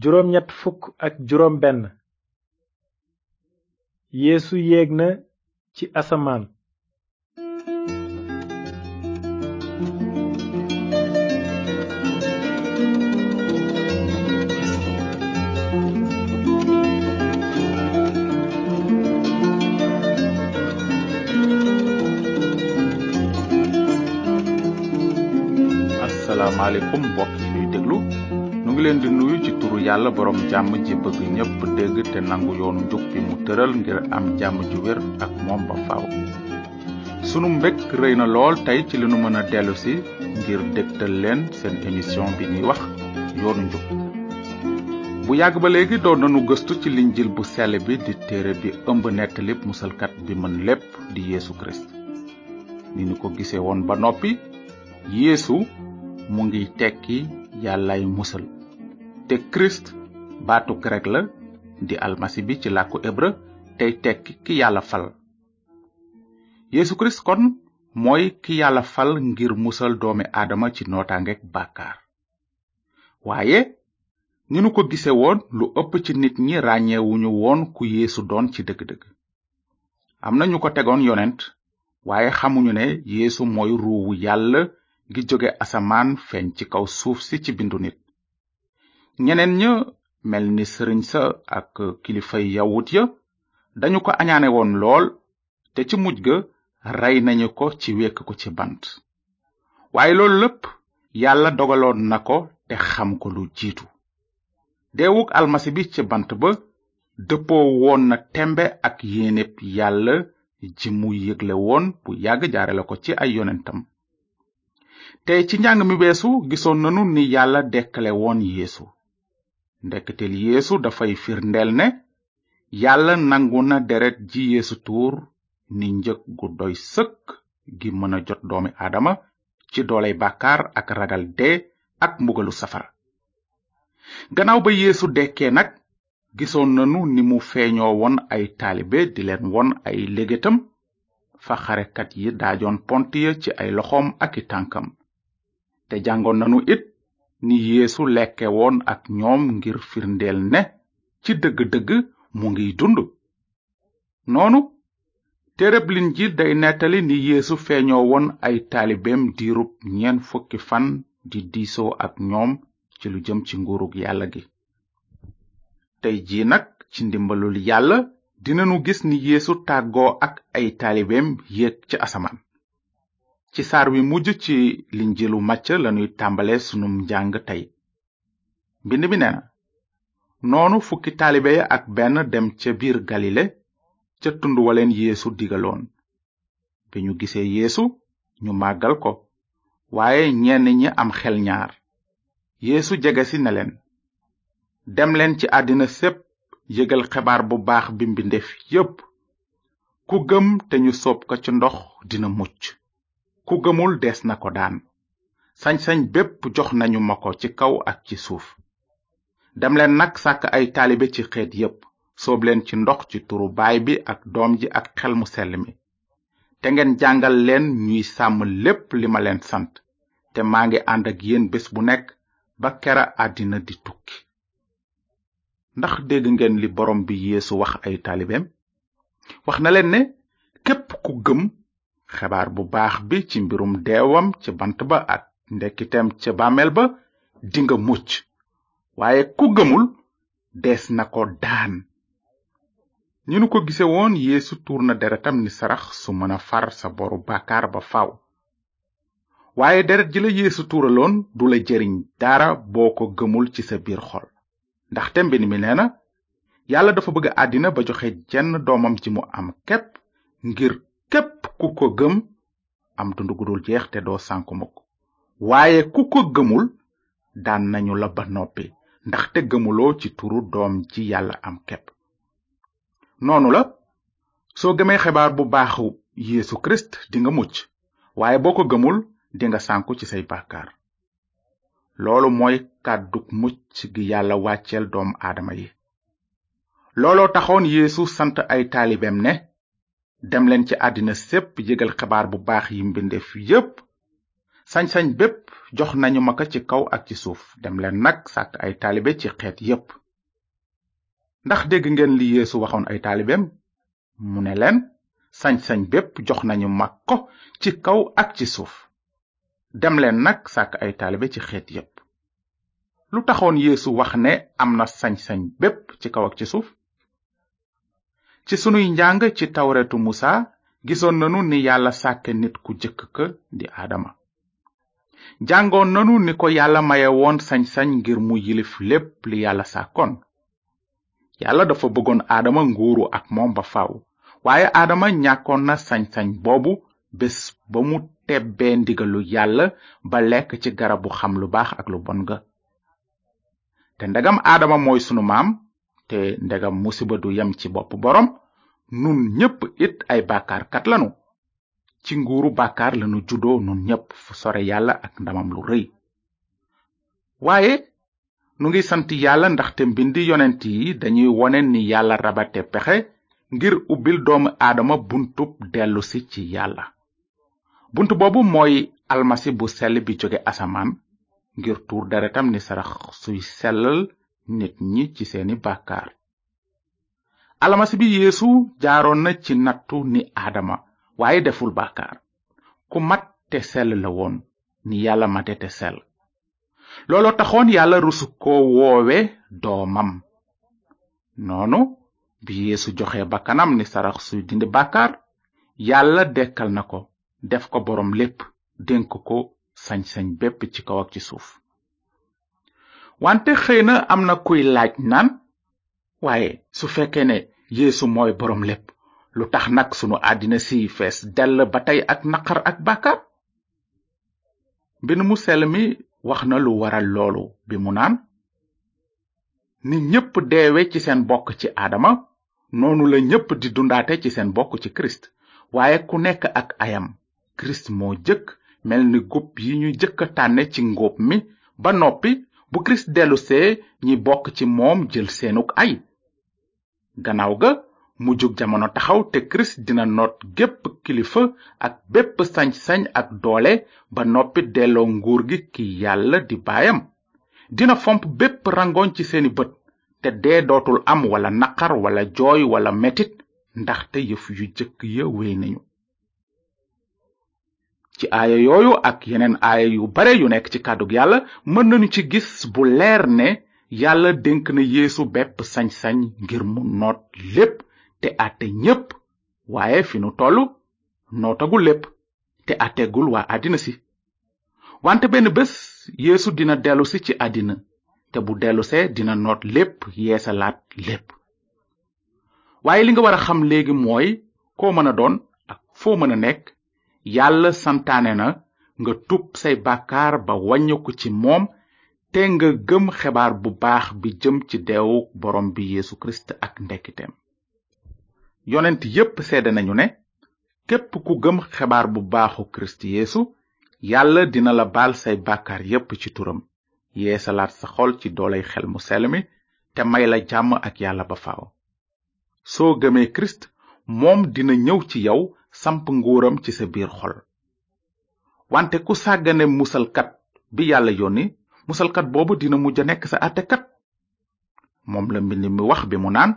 juróom ñett fukk ak juróom benn yeesu yéeg na ci asamaan asalaamaaleykum mbokk ngi leen di nuyu ci turu yàlla borom jàmm ji bëgg ñëpp dégg te nangu yoonu njub bi mu tëral ngir am jàmm ju wér ak moom ba faaw sunu mbég rëy na lool tey ci li nu mën a dellu si ngir dégtal leen seen émission bi ñuy wax yoonu njub bu yàgg ba léegi doon nanu gëstu ci linjil bu sell bi di téere bi ëmb nettalib musalkat bi mën lépp di yeesu kirist ni ni ko gisee woon ba noppi yeesu mu ngi tekki musal te Christ baatu grek la di almasi bi ci làkku hébreu tey tekki ki yàlla fal yéesu Christ kon mooy ki yàlla fal ngir musal doomi aadama ci nootaangeek bàkkaar waaye ni nu ko gise woon lu ëpp ci nit ñi ràññewuñu woon ku yéesu doon ci dëgg-dëgg am na ñu ko tegoon yonent waaye xamuñu ne yéesu mooy ruuwu yàlla ngi jóge asamaan feeñ ci kaw suuf si ci bindu nit ñeneen ña mel ni sëriñ sa ak kilifa yawut ya dañu ko añaane woon lool te ci mujj ga rey nañu ko ci wekk ko ci bant waaye loolu lépp yàlla dogaloon na ko te xam ko lu jiitu deewuk almasi bi ci bant ba dëppoo woon na tembe ak yéeneb yàlla ji mu yëgle woon bu yàgg jaarale ko ci ay yonentam te ci njàng mi weesu gisoon nanu ni yàlla dekkale woon yeesu ndeketeel yéesu dafay firndeel ne yàlla nangu na deret ji yéesu tuur ni njëg doy sëkk gi mën a jot doomi aadama ci dooley bàkkaar ak ragal dee ak mbugalu safara gannaaw ba yéesu dekkee nag gisoon nanu ni mu feeñoo woon ay taalibe di leen won ay légetam fa xarekat yi daajoon pont ya ci ay loxoom ak i tànkam te jàngoon nanu it ni yéesu lekke woon ak ñoom ngir firndeel ne ci dëgg-dëgg mu ngiy dund noonu téereb linjiil day nettali ni yeesu feeñoo woon ay taalibeem diirub ñeent fukki fan di diisoo ak ñoom ci lu jëm ci nguurug yàlla gi tey jii nag ci ndimbalul yàlla dinanu gis ni yéesu tàggoo ak ay taalibeem yéeg ci asamaan ci saar wi mujj ci linjilu màcc lanuy tàmbale sunu njàng tey mbind mi neena noonu fukki taalibe ak benn dem ca biir galile ca tund waleen yeesu digaloon bi ñu gisee yeesu ñu màggal ko waaye ñenn ñi am xel ñaar yeesu jegesi ne leen demleen ci àddina sépp yëgal xebaar bu baax bi mbindeef yépp ku gëm te ñu soob ko ci ndox dina mucc ku gëmul des na ko daan sañ-sañ bépp jox nañu ma ko ci kaw ak ci suuf dem leen nag sàkk ay taalibe ci xeet yépp soob leen ci ndox ci turu baay bi ak doom ji ak xel mu sell mi te ngeen jàngal leen ñuy sàmm lépp li ma leen sant te maa ngi ànd ak yéen bés bu nekk ba kera àddina di tukki ndax dégg ngeen li borom bi yéesu wax ay taalibeem wax na leen ne képp ku gëm xabaar bu baax bi ci mbirum deewam ca bant ba ak ndekkiteem ca bàmmeel ba dinga mucc waaye ku gëmul des na ko daan ñi nu ko gise woon yeesu tuur na deretam ni sarax su mën a far sa boru bàkkaar ba faw waaye deret ji la yeesu tuuraloon du la jëriñ dara boo ko gëmul ci sa biir xol ndaxte mbind mi nee na yàlla dafa bëgg àddina ba joxe jenn doomam ji mu am képp ngir képp ku ko gëm am dund gu dul jeex te doo sànku mukk waaye ku ko gëmul daan nañu la ba noppi ndax te gëmuloo ci turu doom ji yàlla am képp noonu la soo gëmee xibaar bu baaxu yeesu kirist dinga mucc waaye boo ko gëmul dinga sànku ci say bàkkaar loolu mooy kàddug mucc gi yàlla wàcceel doom aadama yi looloo taxoon yeesu sant ay taalibeem ne dem leen ci àddina sépp yëgal xibaar bu baax yi mbindeef yépp sañ-sañ bépp jox nañu ma ci kaw ak ci suuf dem leen nag sàkk ay taalibe ci xeet yépp ndax dégg ngeen li yeesu waxoon ay taalibem mu ne leen sañ-sañ bépp jox nañu ma ci kaw ak ci suuf dem leen nag sàkk ay taalibe ci xeet yépp lu taxoon yeesu wax ne am na sañ-sañ bépp ci kaw ak ci suuf ci sunuy njàng ci tawretu musa gisoon nanu ni yàlla sàkke nit ku jëkk ka di aadama jàngoon nanu ni ko yàlla maye woon sañ-sañ ngir mu yilif lépp li yàlla sàkkoon yàlla dafa bëggoon aadama nguuru ak moom ba faaw waaye aadama ñàkkoon na sañ-sañ boobu bés ba mu tebbee ndigalu yàlla ba lekk ci garabu xam lu baax ak lu bon ga te ndegam aadama mooy sunu maam te ndegam musiba du yam ci bopp borom nun ñepp it ay bakar kat lanu ci nguuru bakar lanu judo nun ñepp fu sore yalla ak ndamam lu reuy waye nu ngi sant ndax te mbindi yonent yi dañuy wone ni yalla rabate pexé ngir ubil doomu adama buntu delu ci yalla buntu bobu moy almasi bu sel bi jóge asaman ngir tour deretam ni sarax suy selal nit ci seeni bàkkaar alamasi bi yéesu jaaroon na ci nattu ni aadama waaye deful bàkkaar ku mat te sell la woon ni yàlla mate te sell looloo taxoon yàlla rusu ko woowe doomam noonu bi yeesu joxe bakkanam ni sarax suy dindi bàkkaar yàlla dekkal na ko def ko boroom lépp dénk ko sañ-sañ bépp ci kawak ci suuf wante xëy na am na kuy laaj naan waaye su fekkee ne yeesu mooy boroom lépp lu tax nag sunu àddina si fees dell ba tey ak naqar ak bàkkaar mbind mu sell mi wax na lu waral loolu bi mu naan ni ñépp deewe ci seen bokk ci aadama noonu la ñépp di dundaate ci seen bokk ci kirist waaye ku nekk ak ayam kirist moo jëkk mel ni gub yi ñuy jëkk tànne ci ngóob mi ba noppi bu kirist dellusee ñi bokk ci moom jël seenug ay gannaaw ga mujjug jamono taxaw te kirist dina noot gépp kilifa ak bépp sañ-sañ ak doole ba noppi delloo nguur gi ki yàlla di baayam dina fomp bépp rangooñ ci seeni bët te dee dootul am wala naqar walla jooy wala metit te yëf yu jëkk ya wey nañu ci aaya yooyu ak yeneen aaya yu bare yu nekk ci kàddug yàlla mën nañu ci gis bu leer ne yàlla dénk na yeesu bépp sañ ngir mu noot lépp te àtte ñépp waaye fi nu tollu nootagul lépp te àtteegul waa àddina si wante benn bés yéesu dina dellusi ci àddina te bu dellusee dina noot lépp yeesalaat lépp waaye li nga war a xam léegi mooy koo mën a doon ak foo mën a nekk yàlla santaane na nga tub say bàkkaar ba wàññiku ci moom te nga gëm xebaar bu baax bi jëm ci deewu boroom bi yéesu kirist ak ndekkiteem yonent yépp seede nañu ne képp ku gëm xebaar bu baaxu kirist yéesu yàlla dina la baal say bàkkaar yépp ci turam yeesalaat sa xol ci doolay xel mu sell mi te may la jàmm ak yàlla ba faaw soo gëmee kirist moom dina ñëw ci yow samp nguuram ci sa biir xol wante ku sàggane musalkat bi yàlla yónni musalkat boobu dina mujj a nekk sa àttekat moom la mbind mi wax bi mu naan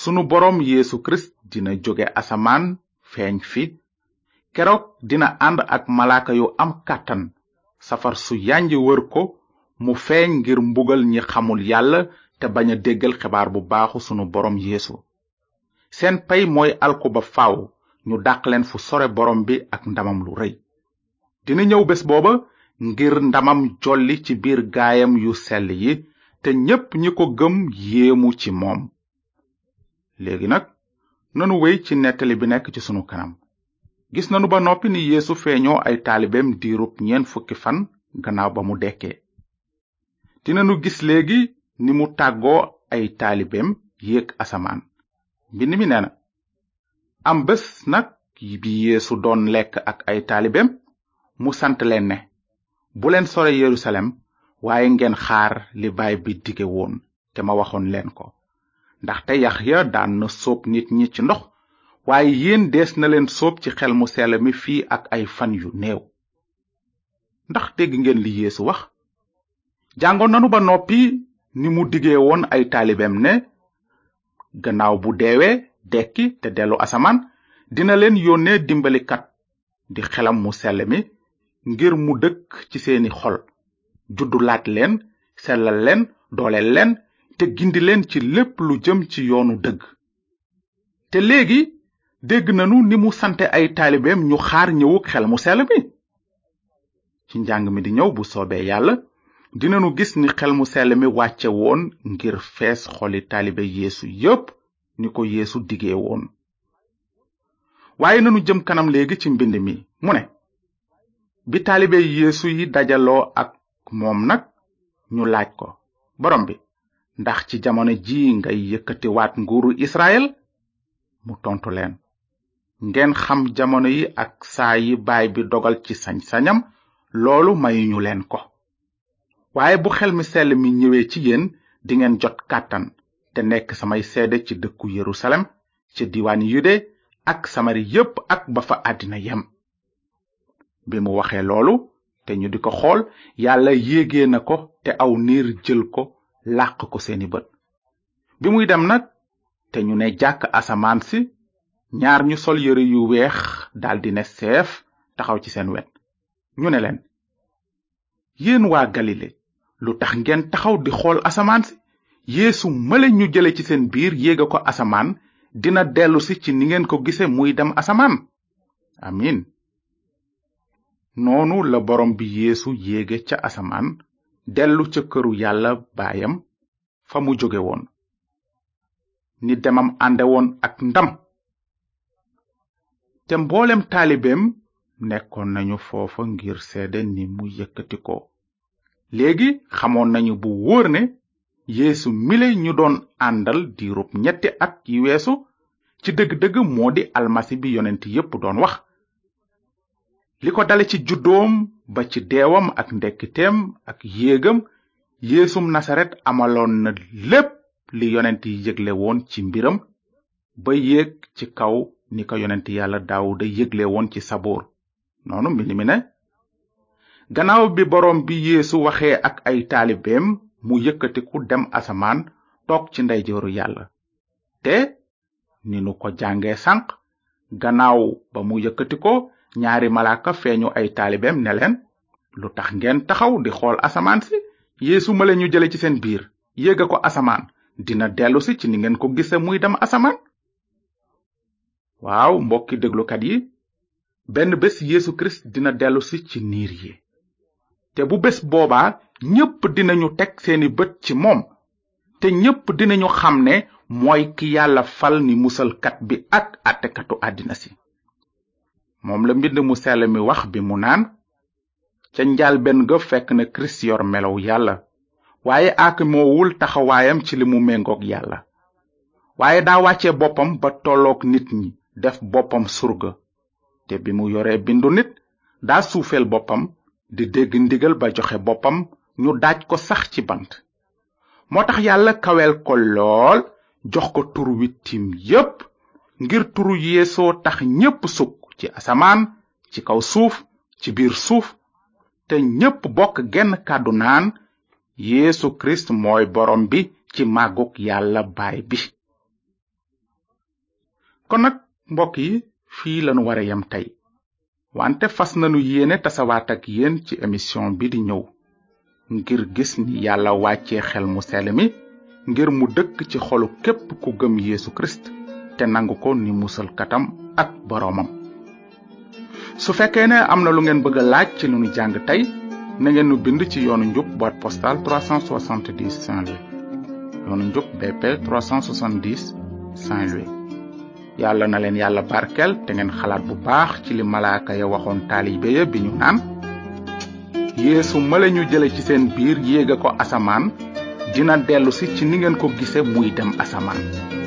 sunu boroom yeesu kirist dina joge asamaan feeñ fi keroog dina ànd ak malaaka yu am kàttan safar su yanj wër ko mu feeñ ngir mbugal ñi xamul yàlla te bañ a déggal xibaar bu baaxu sunu boroom yeesu seen pay mooy alku faw ñu dàq leen fu sore borom bi ak ndamam lu rëy dina ñëw bés booba ngir ndamam jolli ci biir gaayam yu sell yi te ñépp ñi ko gëm yéemu ci moom léegi nag nanu wéy ci nettali bi nekk ci sunu kanam gis nanu ba noppi ni yeesu feeñoo ay taalibeem diirub ñeent fukki fan gannaaw ba mu dekkee dinanu gis léegi ni mu tàggoo ay taalibeem yéeg asamaan mbind mi nee am bés nag bi yéesu doon lekk ak ay taalibeem mu sant leen ne bu leen sore yerusalem waaye ngeen xaar li baay bi dige woon te ma waxoon leen ko ndax te ndaxte ya daan na sóob nit ñi ci ndox waaye yéen dees na leen soob ci xel mu sell mi fii ak ay fan yu néew ndax dégg ngeen li yeesu wax jàngo nanu ba noppi ni mu digee woon ay taalibeem ne gannaaw bu deewe dekki te dellu asamaan dina leen yónnee dimbalikat di xelam mu sell mi ngir mu dëkk ci seeni xol juddulaat leen sellal leen dooleel leen te gindi leen ci lépp lu jëm ci yoonu dëgg te léegi dégg nanu ni mu sante ay taalibeem ñu xaar ñëwuk xel mu sell mi ci njàng mi di ñëw bu soobee yàlla dinanu gis ni xel mu sell mi wàcce woon ngir fees xoli taalibe yeesu yépp ni ko yeesu digee woon waaye nanu jëm kanam léegi ci mbind mi mu ne bi taalibe yeesu yi dajaloo ak moom nag ñu laaj ko boroom bi ndax ci jamono ji ngay yëkkatiwaat nguuru israel mu tontu leen ngeen xam jamono yi ak saa yi baay bi dogal ci sañ-sañam loolu mayuñu leen ko waaye bu xel mi sell mi ñëwee ci yéen dingeen jot kàttan te nekk samay seede ci dëkku yerusalem ci diwaan yude ak samari yépp ak ba fa àddina yem bi mu waxee loolu te ñu di ko xool yàlla yéegee na ko te aw niir jël ko làq ko seeni bët bi muy dem nag te ñu ne jàkk asamaan si ñaar ñu sol yëre yu weex daldi ne seef taxaw ci seen wet ñu ne leen yéen waa galile lu tax ngeen taxaw di xool asamaan si yeesu male ñu jële ci seen biir yéega ko asamaan dina dellusi ci ningeen ko gisee muy dem asamaan amin noonu la boroom bi yeesu yéege ca asamaan dellu ca këru yàlla baayam fa mu jóge woon ni demam ànde woon ak ndam te mboolem taalibeem nekkoon nañu foofa ngir seede ni mu yëkkati ko léegi xamoon nañu bu wóor ne yeesu mile ñu doon àndal diirub ñetti at yi weesu ci dëgg-dëgg moo di almasi bi yonent yépp doon wax li ko dale ci juddoom ba ci deewam ak ndekkiteem ak yéegam yéesum nasaret amaloon na lépp li yonent yi yëgle woon ci mbiram ba yéeg ci kaw ni ko yonent yàlla daawuda yëgle woon ci saboor noonu mbind mi ne gannaaw bi boroom bi yeesu waxee ak ay taalibeem mu yëkkatiku dem asaman, toog ci ndeyjooru yàlla te ni nu ko jàngee sànq gannaaw ba mu yëkkatikoo ñaari malaaka feeñu ay taalibeem ne leen lu tax ngeen taxaw di xool asamaan si yeesu male ñu jële ci seen biir yéega ko asamaan dina dellu si ci ni ngeen ko gise muy dem asamaan waaw mbokki déglukat yi benn bés yeesu kirist dina dellu si ci niir yi te bu bés boobaa ñépp dinañu teg seeni bët ci moom te ñépp dinañu xam ne mooy ki yàlla fal ni musalkat bi ak àttekatu àddina si moom la mbind mu sell mi wax bi mu naan ca njaal benn ga fekk na kirist yor melow yàlla waaye aak taxawaayam ci li mu méngoog yàlla waaye daa wàcce boppam ba tolloog nit ñi def boppam surga te bi mu yoree bindu nit daa suufeel boppam di dégg ndigal ba joxe boppam ñu daaj ko sax ci bant moo tax yàlla kaweel ko lool jox ko tur wi tiim yépp ngir turu yéesoo tax ñépp sukk ci asamaan ci kaw suuf ci biir suuf te ñépp bokk genn kàddu naan yeesu kirist mooy borom bi ci màggug yàlla baay bi kon nag mbokk yi fii lanu wara yem tey wante fas nanu yéene tasawaat ak yéen ci émission bi di ñëw ngir gis ni yàlla wàccee xel mu sell mi ngir mu dëkk ci xolu képp ku gëm yeesu kirist te nangu ko ni katam ak boroomam su fekkee ne am na lu ngeen bëgg laaj ci lu nu jàng tey na ngeen nu bind ci yoonu njub boîte postale 370 saint louis yoonu njub bp 370 saint louis yàlla na leen yàlla barkel te ngeen xalaat bu baax ci li malaaka ya waxoon taalibe ya bi ñu naan yéesu male ñu jële ci seen biir yéega ko asamaan dina dellusi ci ningeen ko gise muy dem asamaan